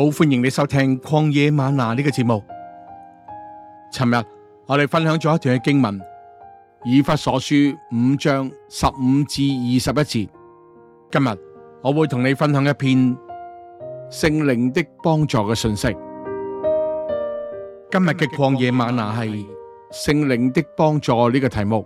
好歡迎你收聽曠野嗎哪呢個節目。尋日我哋分享咗一段嘅經文，以弗所書五章十五至二十一節。今日我會同你分享一篇聖靈的幫助嘅信息。今日嘅曠野嗎哪係聖靈的幫助呢個題目。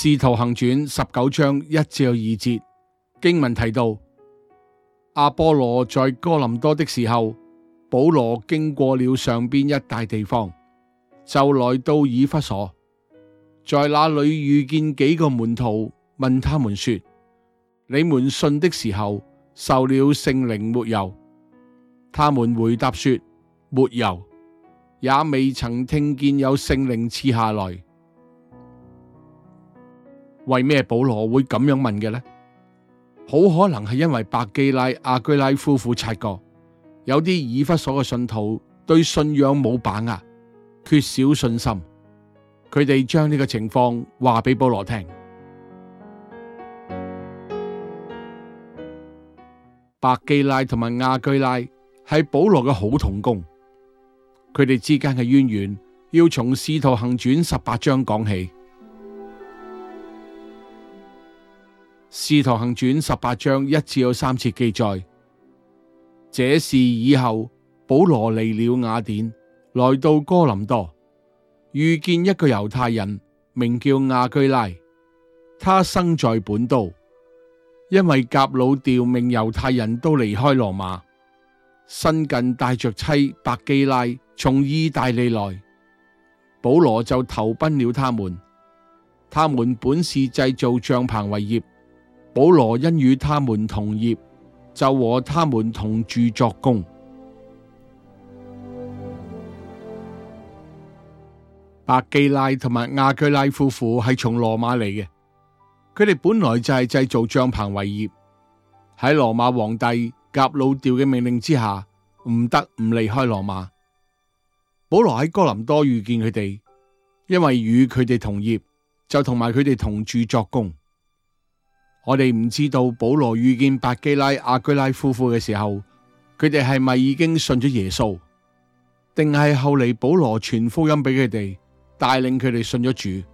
使徒行傳十九章一至二節經文提到，阿波羅在哥林多的時候，保羅經過了上邊一帶地方，就來到以弗所，在那裏遇見幾個門徒，問他們說：你們信的時候受了聖靈沒有？他們回答說：沒有，也未曾聽見有聖靈賜下來。為咩保羅會咁樣問嘅呢？好可能係因為百基拉、亞居拉夫婦察覺有啲以弗所嘅信徒對信仰冇把握，缺少信心，佢哋將呢個情況話俾保羅聽。百基拉同埋亞居拉係保羅嘅好同工，佢哋之間嘅淵源要從《使徒行傳》十八章講起。使徒行傳十八章一至有三節記載，這事以後保羅離了雅典，來到哥林多，遇見一個猶太人名叫亞居拉，他生在本都，因為革老丟命猶太人都離開羅馬，新近帶着妻百基拉從意大利來，保羅就投奔了他們，他們本是製造帳棚為業。保羅因與他們同業，就和他們同住作工。百基拉同埋亞居拉夫婦係從羅馬嚟嘅，佢哋本來就係製造帳篷為業。喺羅馬皇帝革老丟嘅命令之下，唔得唔離開羅馬。保羅喺哥林多遇見佢哋，因為與佢哋同業，就同埋佢哋同住作工。我哋唔知道保羅遇見百基拉、阿居拉夫婦嘅時候，佢哋係咪已經信咗耶穌，定係後嚟保羅傳福音俾佢哋，帶領佢哋信咗主？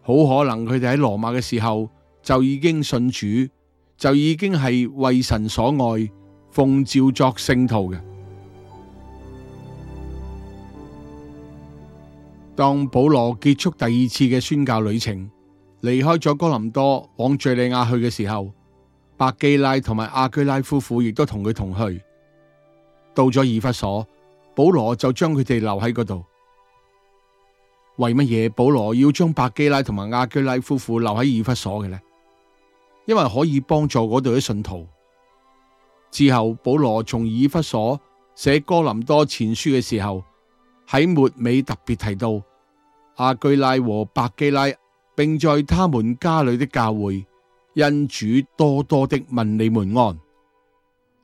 好可能佢哋喺羅馬嘅時候就已經信主，就已經係為神所愛，奉召作聖徒嘅。當保羅結束第二次嘅宣教旅程，離開咗哥林多往敘利亞去嘅時候，百基拉同埋亞居拉夫婦亦都同佢同去。到咗以弗所，保羅就將佢哋留喺嗰度。為乜嘢保羅要將百基拉同埋亞居拉夫婦留喺以弗所嘅咧？因為可以幫助嗰度嘅信徒。之後保羅從以弗所寫哥林多前書嘅時候，喺末尾特別提到亞居拉和百基拉。並在他們家裏的教會，因主多多的問你們安。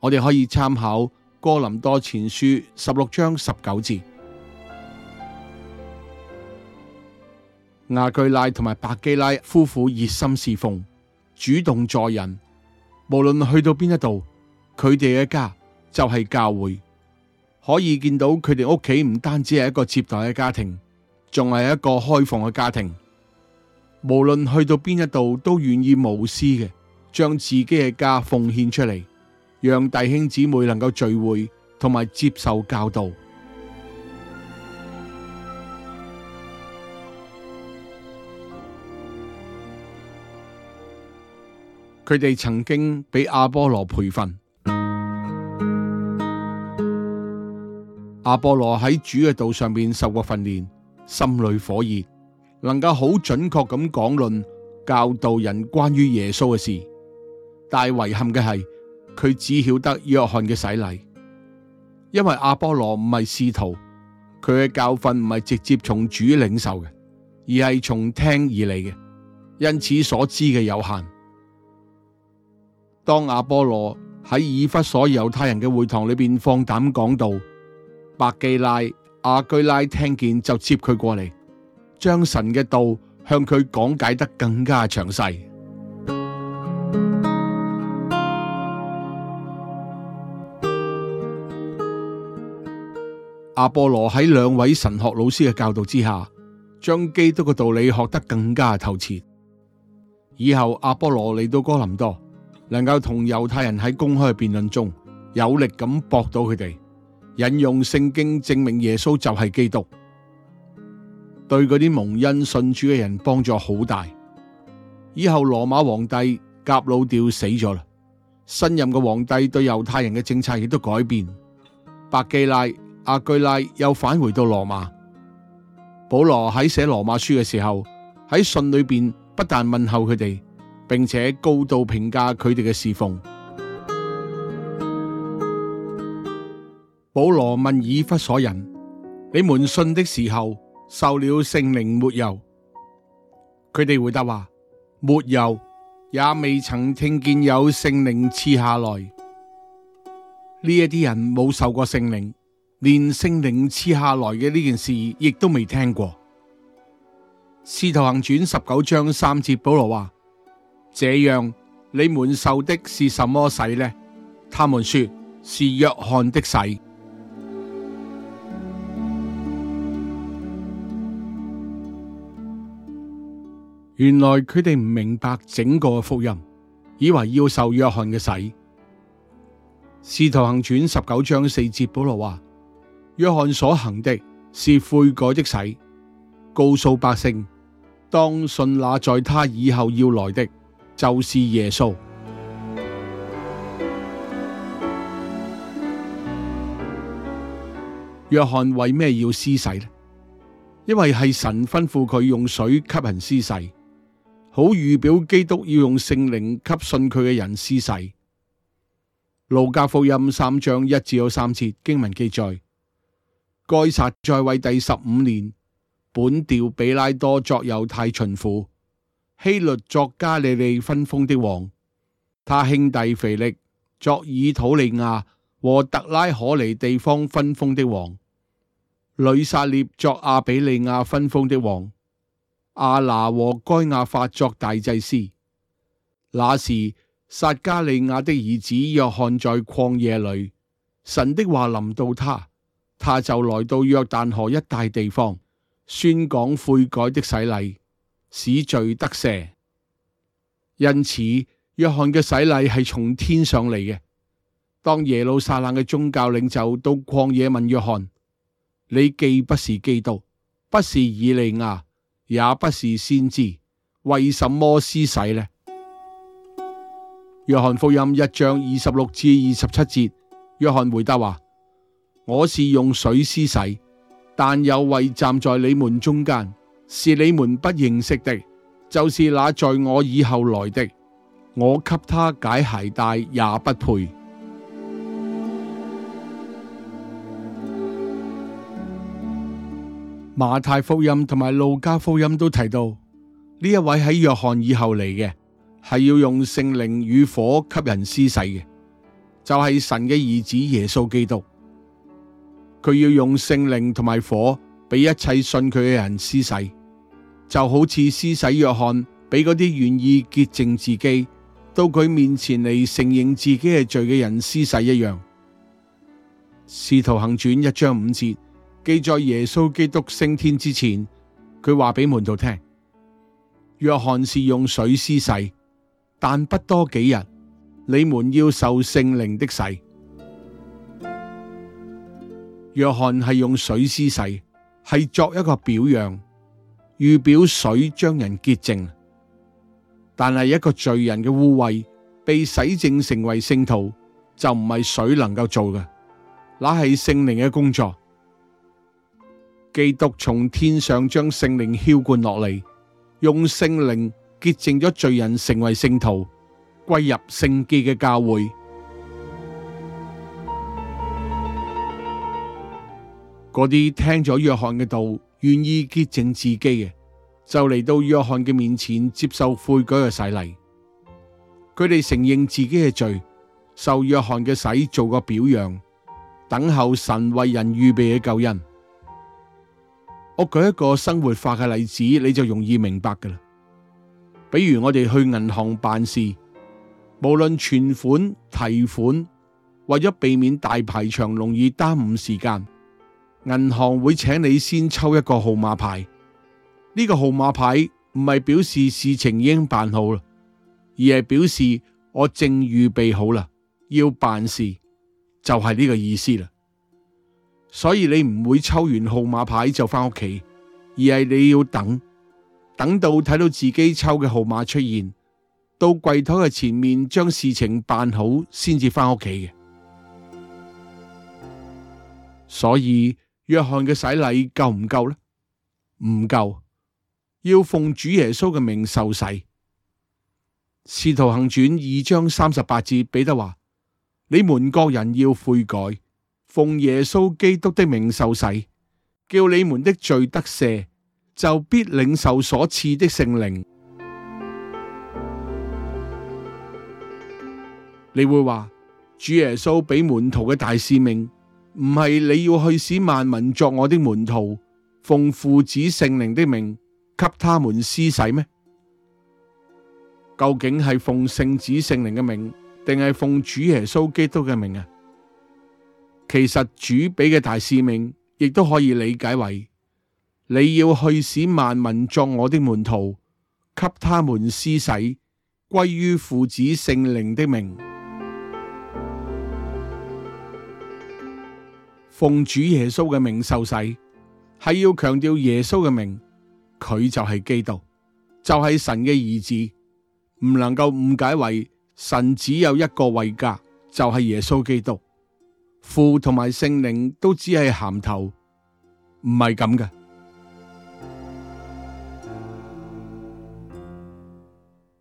我哋可以參考哥林多前書十六章十九節。亞居拉同埋百基拉夫婦熱心侍奉，主動助人，無論去到邊一度，佢哋嘅家就係教會。可以見到佢哋屋企唔單止係一個接待嘅家庭，仲係一個開放嘅家庭。無論去到邊一度，都願意無私嘅，將自己嘅家奉獻出嚟，讓弟兄姊妹能夠聚會同埋接受教導。佢哋曾經俾阿波羅培訓，阿波羅喺主嘅道上面受過訓練，心裏火熱。能夠好準確咁講論教導人關於耶穌嘅事，但係遺憾嘅係佢只曉得約翰嘅洗禮，因為阿波羅唔係使徒，佢嘅教訓唔係直接從主領受嘅，而係從聽而嚟嘅，因此所知嘅有限。當阿波羅喺以弗所猶太人嘅會堂裏邊放膽講道，百基拉、亞居拉聽見就接佢過嚟。將神嘅道向佢講解得更加詳細。阿波羅喺兩位神學老師嘅教導之下，將基督嘅道理學得更加透徹。以後，阿波羅嚟到哥林多，能夠同猶太人喺公開辯論中有力咁駁到佢哋，引用聖經證明耶穌就係基督。對嗰啲蒙恩信主嘅人幫助好大。以後羅馬皇帝革老丟死咗啦，新任嘅皇帝對猶太人嘅政策亦都改變。百基拉、亞居拉又返回到羅馬。保羅喺寫羅馬書嘅時候，喺信裏邊不但問候佢哋，並且高度評價佢哋嘅侍奉。保羅問以弗所人：你們信的時候，受了聖靈沒有？佢哋回答話：沒有，也未曾聽見有聖靈賜下來。呢一啲人冇受過聖靈，連聖靈賜下來嘅呢件事亦都未聽過。使徒行傳十九章三節，保羅話：這樣你們受的是什麼洗呢？他們說是約翰的洗。原來佢哋唔明白整個福音，以為要受約翰嘅洗。使徒行傳十九章四節，保羅話：約翰所行的是悔改的洗，告訴百姓，當信那在他以後要來的就是耶穌。約翰為咩要施洗呢？因為係神吩咐佢用水給人施洗。好預表基督要用聖靈給信佢嘅人施洗。路加福音三章一至到三節經文記載：該撒在位第十五年，本丟彼拉多作猶太巡撫，希律作加利利分封的王，他兄弟腓力作以土利亞和特拉可尼地方分封的王，呂撒聶作阿比利亞分封的王。阿拿和該亞法作大祭司。那時撒加利亞的兒子約翰在曠野裏，神的話臨到他，他就來到約旦河一帶地方，宣講悔改的洗禮，使罪得赦。因此，約翰嘅洗禮係從天上嚟嘅。當耶路撒冷嘅宗教領袖到曠野問約翰：你既不是基督，不是以利亞？也不是先知，為什麼施洗呢？約翰福音一章二十六至二十七節，約翰回答話：我是用水施洗，但有位站在你們中間，是你們不認識的，就是那在我以後來的，我給他解鞋帶也不配。馬太福音同埋路加福音都提到呢一位喺約翰以後嚟嘅，係要用聖靈與火給人施洗嘅，就係神嘅兒子耶穌基督。佢要用聖靈同埋火俾一切信佢嘅人施洗，就好似施洗約翰俾嗰啲願意潔淨自己到佢面前嚟承認自己係罪嘅人施洗一樣。使徒行傳一章五節。記載耶穌基督升天之前，佢話俾門徒聽：約翰是用水施洗，但不多幾日，你們要受聖靈的洗。約翰係用水施洗，係作一個表樣，預表水將人潔淨。但係一個罪人嘅污穢被洗淨，成為聖徒，就唔係水能夠做嘅，那係聖靈嘅工作。基督從天上將聖靈澆灌落嚟，用聖靈潔淨咗罪人，成為聖徒，歸入聖潔嘅教會。嗰啲聽咗約翰嘅道，願意潔淨自己嘅，就嚟到約翰嘅面前接受悔改嘅洗禮。佢哋承認自己嘅罪，受約翰嘅洗做個表揚，等候神為人預備嘅救恩。我舉一個生活化嘅例子，你就容易明白噶啦。比如我哋去銀行辦事，無論存款、提款，為咗避免大排長龍而耽誤時間，銀行會請你先抽一個號碼牌。呢個號碼牌唔係表示事情已經辦好啦，而係表示我正預備好啦，要辦事就係呢個意思啦。所以你唔會抽完號碼牌就翻屋企，而係你要等，等到睇到自己抽嘅號碼出現，到櫃台嘅前面將事情辦好先至翻屋企嘅。所以約翰嘅洗禮夠唔夠呢？唔夠，要奉主耶穌嘅命受洗。使徒行傳二章三十八節，彼得話：你們各人要悔改。奉耶穌基督的名受洗，叫你們的罪得赦，就必領受所賜的聖靈。你會話主耶穌俾門徒嘅大使命，唔係你要去使萬民作我的門徒，奉父子聖靈的名，給他們施洗咩？究竟係奉聖子聖靈嘅名，定係奉主耶穌基督嘅名啊？其實主俾嘅大使命，亦都可以理解為你要去使萬民作我的門徒，給他們施洗，歸於父子聖靈的名。奉主耶穌嘅名受洗，係要強調耶穌嘅名，佢就係基督，就係、是、神嘅兒子。唔能夠誤解為神只有一個位格，就係、是、耶穌基督。父同埋聖靈都只係銜頭，唔係咁嘅。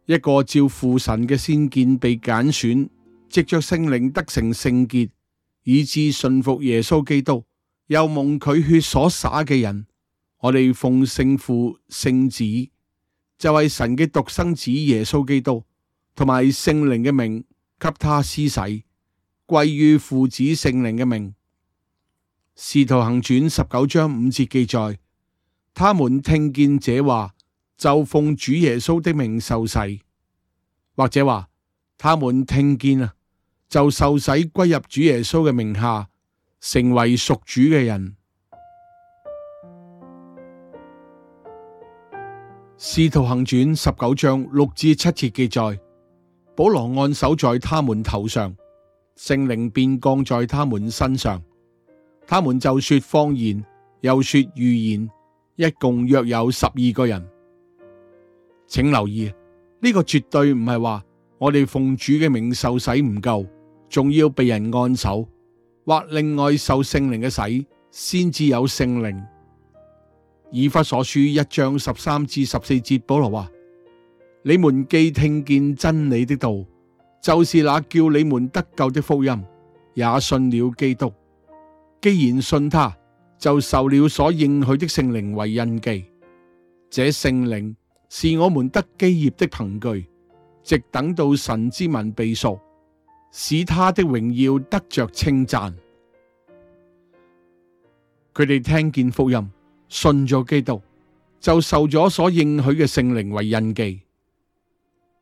一個照父神嘅先見被揀選，藉着聖靈得成聖潔，以致信服耶穌基督，又蒙佢血所灑嘅人，我哋奉聖父、聖子，就係、是、神嘅獨生子耶穌基督，同埋聖靈嘅名，給他施洗。歸於父子聖靈嘅名。使徒行傳十九章五節記載，他們聽見這話，就奉主耶穌的名受洗。或者話，他們聽見啊，就受洗歸入主耶穌嘅名下，成為屬主嘅人。使徒行傳十九章六至七節記載，保羅按手在他們頭上。聖靈便降在他們身上，他們就說方言，又說預言，一共約有十二個人。請留意，呢、這個絕對唔係話我哋奉主嘅名受洗唔夠，仲要被人按手或另外受聖靈嘅洗先至有聖靈。以弗所書一章十三至十四節，保羅話：你們既聽見真理的道。就是那叫你們得救的福音，也信了基督。既然信他，就受了所應許的聖靈為印記。這聖靈是我們得基業的憑據，直等到神之民被贖，使他的榮耀得着稱讚。佢哋聽見福音，信咗基督，就受咗所應許嘅聖靈為印記。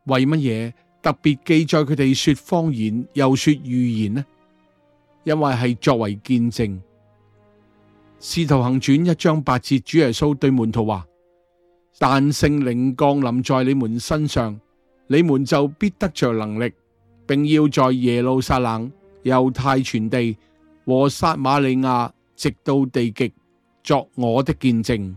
為乜嘢？特別記載佢哋說方言，又說預言呢，因為係作為見證。使徒行傳一章八節，主耶穌對門徒話：但聖靈降臨在你們身上，你們就必得着能力，並要在耶路撒冷、猶太全地和撒瑪利亞，直到地極，作我的見證。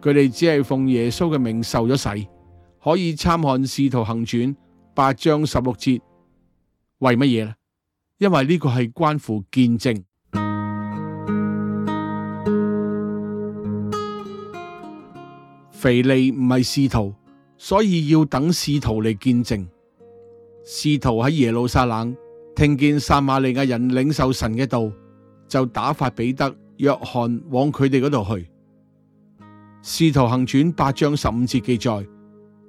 佢哋只係奉耶穌嘅命受咗洗，可以參看《使徒行傳》八章十六節，為乜嘢咧？因為呢個係關乎見證。腓利唔係使徒，所以要等使徒嚟見證。使徒喺耶路撒冷聽見撒瑪利亞人領受神嘅道，就打發彼得、約翰往佢哋嗰度去。使徒行傳八章十五節記載，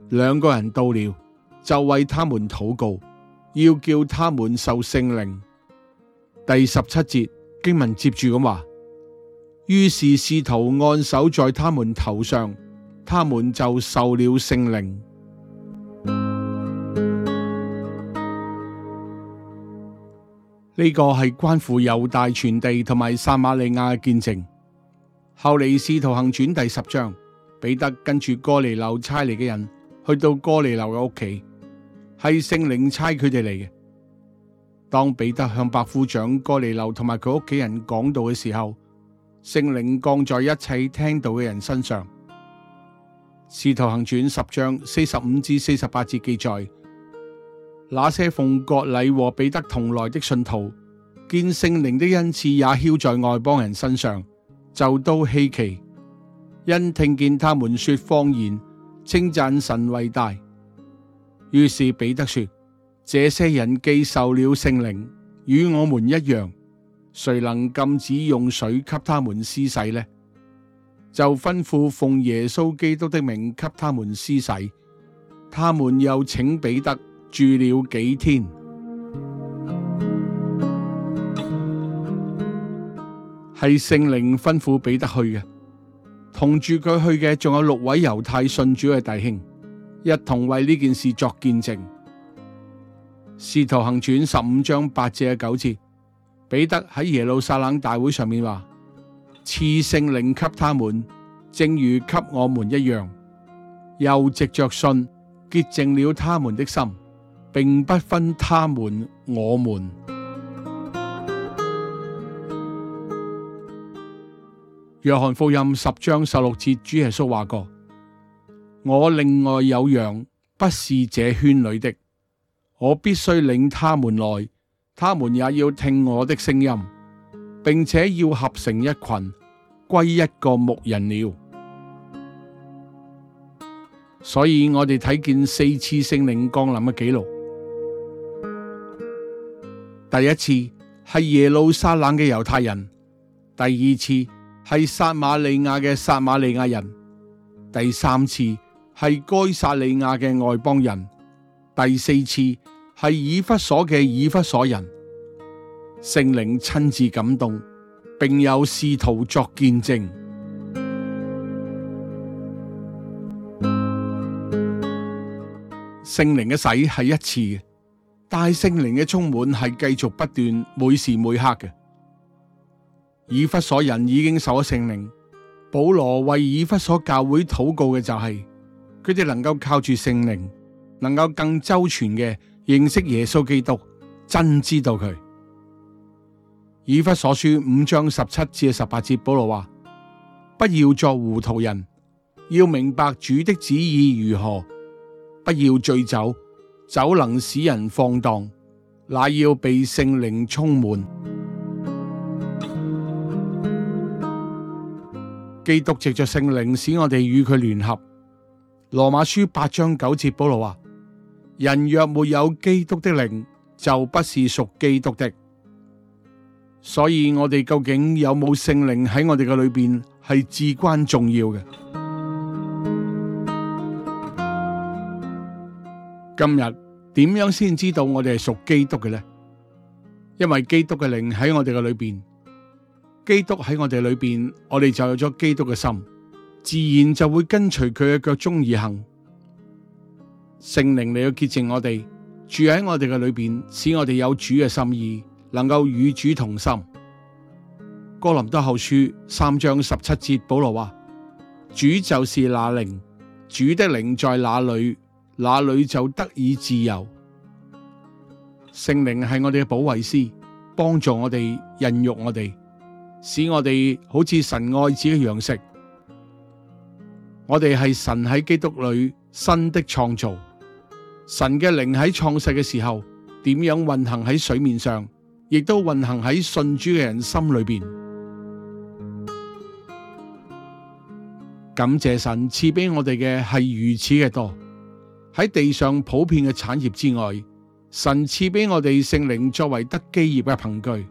兩個人到了就為他們禱告，要叫他們受聖靈。第十七節經文接住咁話，於是使徒按手在他們頭上，他們就受了聖靈。呢、這個係關乎猶大全地同埋撒瑪利亞嘅見證。後嚟，使徒行傳第十章，彼得跟住哥尼流差嚟嘅人，去到哥尼流嘅屋企，係聖靈差佢哋嚟嘅。當彼得向百夫長哥尼流同埋佢屋企人講道嘅時候，聖靈降在一切聽到嘅人身上。使徒行傳十章四十五至四十八節記載，那些奉割禮和彼得同來的信徒，見聖靈的恩賜也澆在外邦人身上。就都稀奇，因聽見他們說方言，稱讚神偉大。於是彼得說：這些人既受了聖靈，與我們一樣，誰能禁止用水給他們施洗呢？就吩咐奉耶穌基督的名給他們施洗。他們又請彼得住了幾天。係聖靈吩咐彼得去嘅，同住佢去嘅仲有六位猶太信主嘅弟兄，一同為呢件事作見證。使徒行傳十五章八至九節，彼得喺耶路撒冷大會上面話：賜聖靈給他們，正如給我們一樣，又藉着信潔淨了他們的心，並不分他們我們。約翰福音十章十六節，主耶穌話過：我另外有羊，不是這圈裏的，我必須領他們來，他們也要聽我的聲音，並且要合成一群，歸一個牧人了。所以我哋睇見四次聖靈降臨嘅記錄，第一次係耶路撒冷嘅猶太人，第二次。係撒馬利亞嘅撒馬利亞人，第三次係該撒利亞嘅外邦人，第四次係以弗所嘅以弗所人。聖靈親自感動，並有使徒作見證。聖靈嘅洗係一次嘅，但係聖靈嘅充滿係繼續不斷，每時每刻嘅。以弗所人已經受咗聖靈，保羅為以弗所教會禱告嘅就係佢哋能夠靠住聖靈，能夠更周全嘅認識耶穌基督，真知道佢。以弗所書五章十七至十八節，保羅話：不要作糊塗人，要明白主的旨意如何；不要醉酒，酒能使人放蕩，乃要被聖靈充滿。基督藉着聖靈使我哋與佢聯合。羅馬書八章九節，保羅話：人若沒有基督的靈，就不是屬基督的。所以我哋究竟有冇聖靈喺我哋嘅裏邊，係至關重要嘅。今日點樣先知道我哋係屬基督嘅咧？因為基督嘅靈喺我哋嘅裏邊。基督喺我哋裏邊，我哋就有咗基督嘅心，自然就會跟隨佢嘅腳蹤而行。聖靈嚟要潔淨我哋，住喺我哋嘅裏邊，使我哋有主嘅心意，能夠與主同心。哥林多後書三章十七節，保羅話：主就是那靈，主的靈在哪裡，哪裡就得以自由。聖靈係我哋嘅保惠師，幫助我哋孕育我哋。使我哋好似神愛子嘅樣式，我哋係神喺基督裏新的創造。神嘅靈喺創世嘅時候，點樣運行喺水面上，亦都運行喺信主嘅人心裏邊。感謝神賜俾我哋嘅係如此嘅多。喺地上普遍嘅產業之外，神賜俾我哋聖靈作為得基業嘅憑據。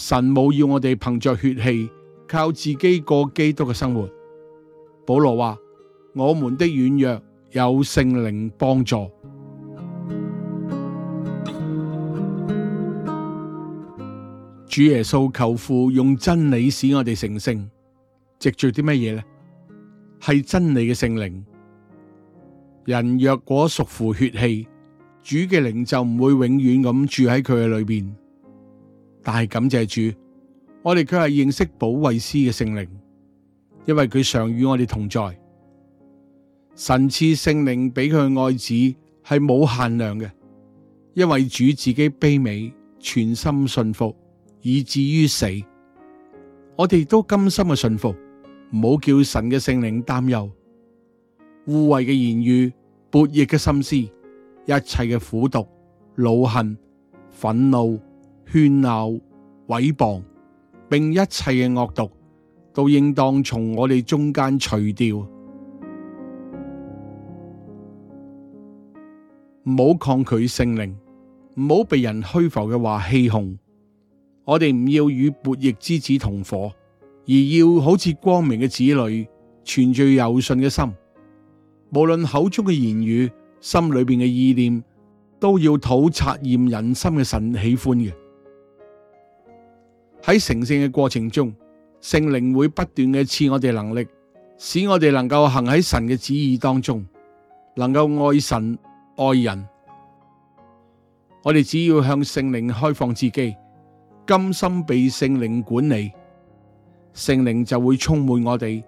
神冇要我哋憑着血氣，靠自己過基督嘅生活。保羅話：我們的軟弱有聖靈幫助。主耶穌求父用真理使我哋成聖，藉住啲乜嘢呢？係真理嘅聖靈。人若果屬乎血氣，主嘅靈就唔會永遠咁住喺佢嘅裏邊。但係感謝主，我哋卻係認識保惠師嘅聖靈，因為佢常與我哋同在。神賜聖靈俾佢嘅愛子係冇限量嘅，因為主自己卑微，全心信服，以至於死。我哋都甘心嘅信服，唔好叫神嘅聖靈擔憂，污穢嘅言語、悖逆嘅心思、一切嘅苦毒、惱恨、憤怒。喧鬧、毀謗，並一切嘅惡毒，都應當從我哋中間除掉。唔好抗拒聖靈，唔好被人虛浮嘅話欺哄。我哋唔要與悖逆之子同伙，而要好似光明嘅子女，存住有信嘅心。無論口中嘅言語、心裏邊嘅意念，都要討察驗人心嘅神喜歡嘅。喺成聖嘅過程中，聖靈會不斷嘅賜我哋能力，使我哋能夠行喺神嘅旨意當中，能夠愛神愛人。我哋只要向聖靈開放自己，甘心被聖靈管理，聖靈就會充滿我哋，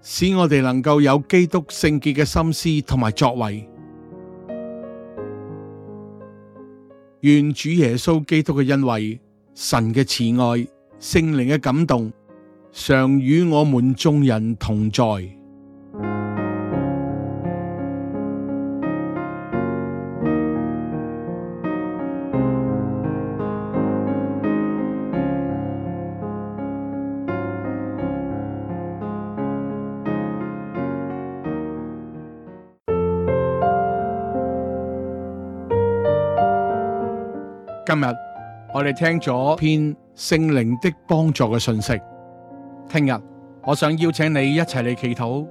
使我哋能夠有基督聖潔嘅心思同埋作為。願主耶穌基督嘅恩惠，神嘅慈愛，聖靈嘅感動，常與我們眾人同在。今日。我哋聽咗篇聖靈的幫助嘅信息，聽日我想邀請你一齊嚟祈禱，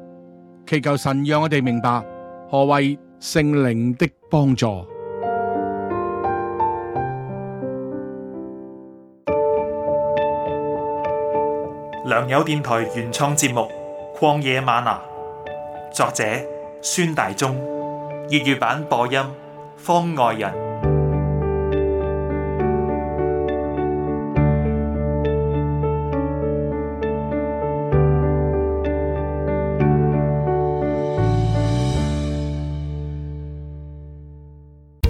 祈求神讓我哋明白何謂聖靈的幫助。良友電台原創節目《曠野嗎哪》，作者孫大中，粵語版播音方外人。